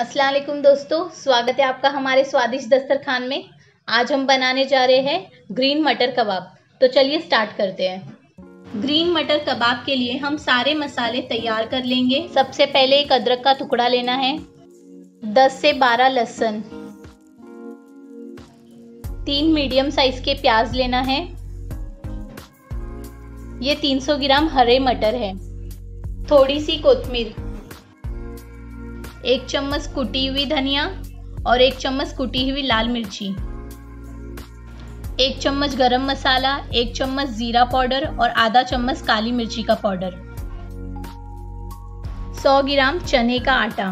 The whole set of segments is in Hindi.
अस्सलाम वालेकुम दोस्तों स्वागत है आपका हमारे स्वादिष्ट दस्तरखान में आज हम बनाने जा रहे हैं ग्रीन मटर कबाब तो चलिए स्टार्ट करते हैं ग्रीन मटर कबाब के लिए हम सारे मसाले तैयार कर लेंगे सबसे पहले एक अदरक का टुकड़ा लेना है 10 से 12 लहसुन तीन मीडियम साइज के प्याज लेना है ये 300 ग्राम हरे मटर है थोड़ी सी कोथमीर एक चम्मच कुटी हुई धनिया और एक चम्मच कुटी हुई लाल मिर्ची एक चम्मच गरम मसाला एक चम्मच जीरा पाउडर और आधा चम्मच काली मिर्ची का पाउडर 100 ग्राम चने का आटा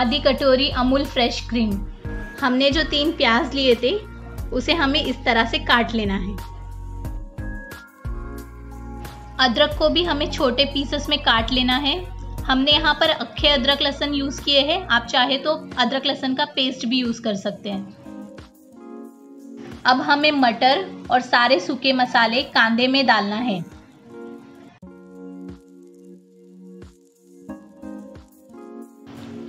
आधी कटोरी अमूल फ्रेश क्रीम हमने जो तीन प्याज लिए थे उसे हमें इस तरह से काट लेना है अदरक को भी हमें छोटे पीसेस में काट लेना है हमने यहाँ पर अखे अदरक लहसन यूज़ किए हैं आप चाहे तो अदरक लहसन का पेस्ट भी यूज़ कर सकते हैं अब हमें मटर और सारे सूखे मसाले कांदे में डालना है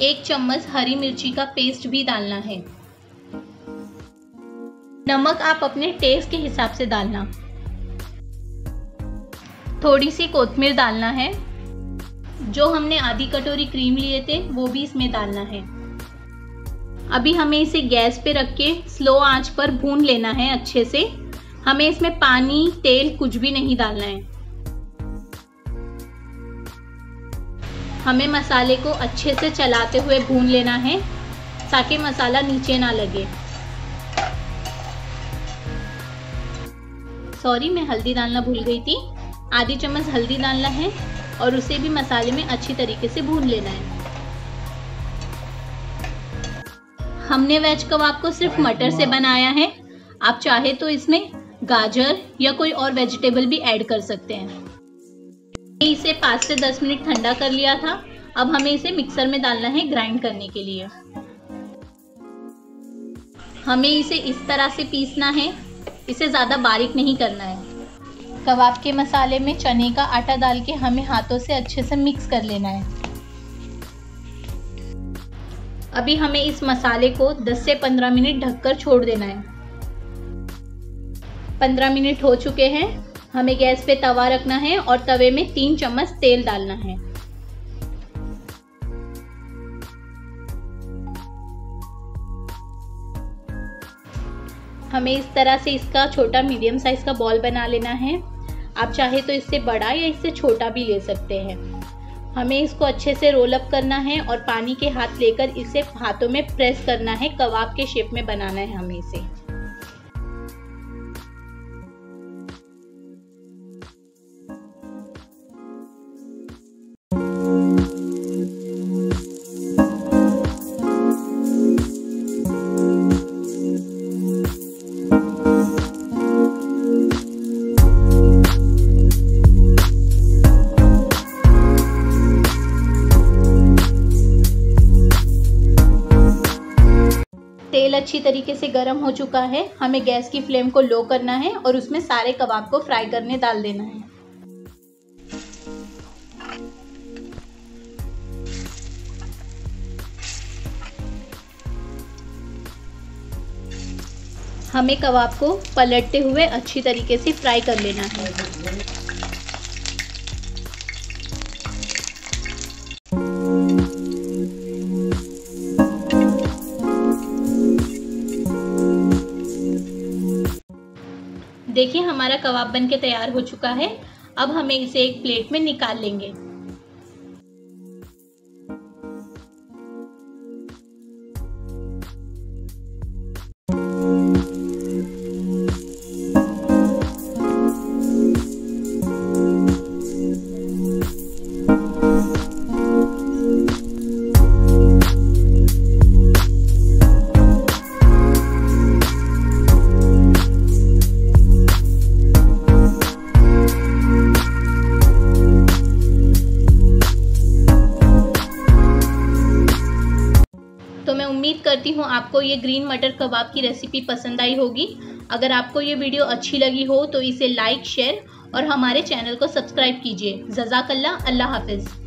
एक चम्मच हरी मिर्ची का पेस्ट भी डालना है नमक आप अपने टेस्ट के हिसाब से डालना थोड़ी सी कोथमीर डालना है जो हमने आधी कटोरी क्रीम लिए थे वो भी इसमें डालना है अभी हमें इसे गैस पे रख के स्लो आंच पर भून लेना है अच्छे से हमें इसमें पानी तेल कुछ भी नहीं डालना है हमें मसाले को अच्छे से चलाते हुए भून लेना है ताकि मसाला नीचे ना लगे सॉरी मैं हल्दी डालना भूल गई थी आधी चम्मच हल्दी डालना है और उसे भी मसाले में अच्छी तरीके से भून लेना है हमने वेज कबाब को सिर्फ मटर से बनाया है आप चाहे तो इसमें गाजर या कोई और वेजिटेबल भी ऐड कर सकते हैं इसे पाँच से दस मिनट ठंडा कर लिया था अब हमें इसे मिक्सर में डालना है ग्राइंड करने के लिए हमें इसे इस तरह से पीसना है इसे ज़्यादा बारीक नहीं करना है कबाब के मसाले में चने का आटा डाल के हमें हाथों से अच्छे से मिक्स कर लेना है अभी हमें इस मसाले को 10 से 15 मिनट ढककर छोड़ देना है 15 मिनट हो चुके हैं हमें गैस पे तवा रखना है और तवे में तीन चम्मच तेल डालना है हमें इस तरह से इसका छोटा मीडियम साइज का बॉल बना लेना है आप चाहे तो इससे बड़ा या इससे छोटा भी ले सकते हैं हमें इसको अच्छे से रोल अप करना है और पानी के हाथ लेकर इसे हाथों में प्रेस करना है कबाब के शेप में बनाना है हमें इसे अच्छी तरीके से गर्म हो चुका है हमें गैस की फ्लेम को लो करना है और उसमें सारे कबाब को फ्राई करने डाल देना है हमें कबाब को पलटते हुए अच्छी तरीके से फ्राई कर लेना है देखिए हमारा कबाब बन के तैयार हो चुका है अब हमें इसे एक प्लेट में निकाल लेंगे करती हूँ आपको ये ग्रीन मटर कबाब की रेसिपी पसंद आई होगी अगर आपको ये वीडियो अच्छी लगी हो तो इसे लाइक शेयर और हमारे चैनल को सब्सक्राइब कीजिए जजाकल्ला अल्लाह हाफिज़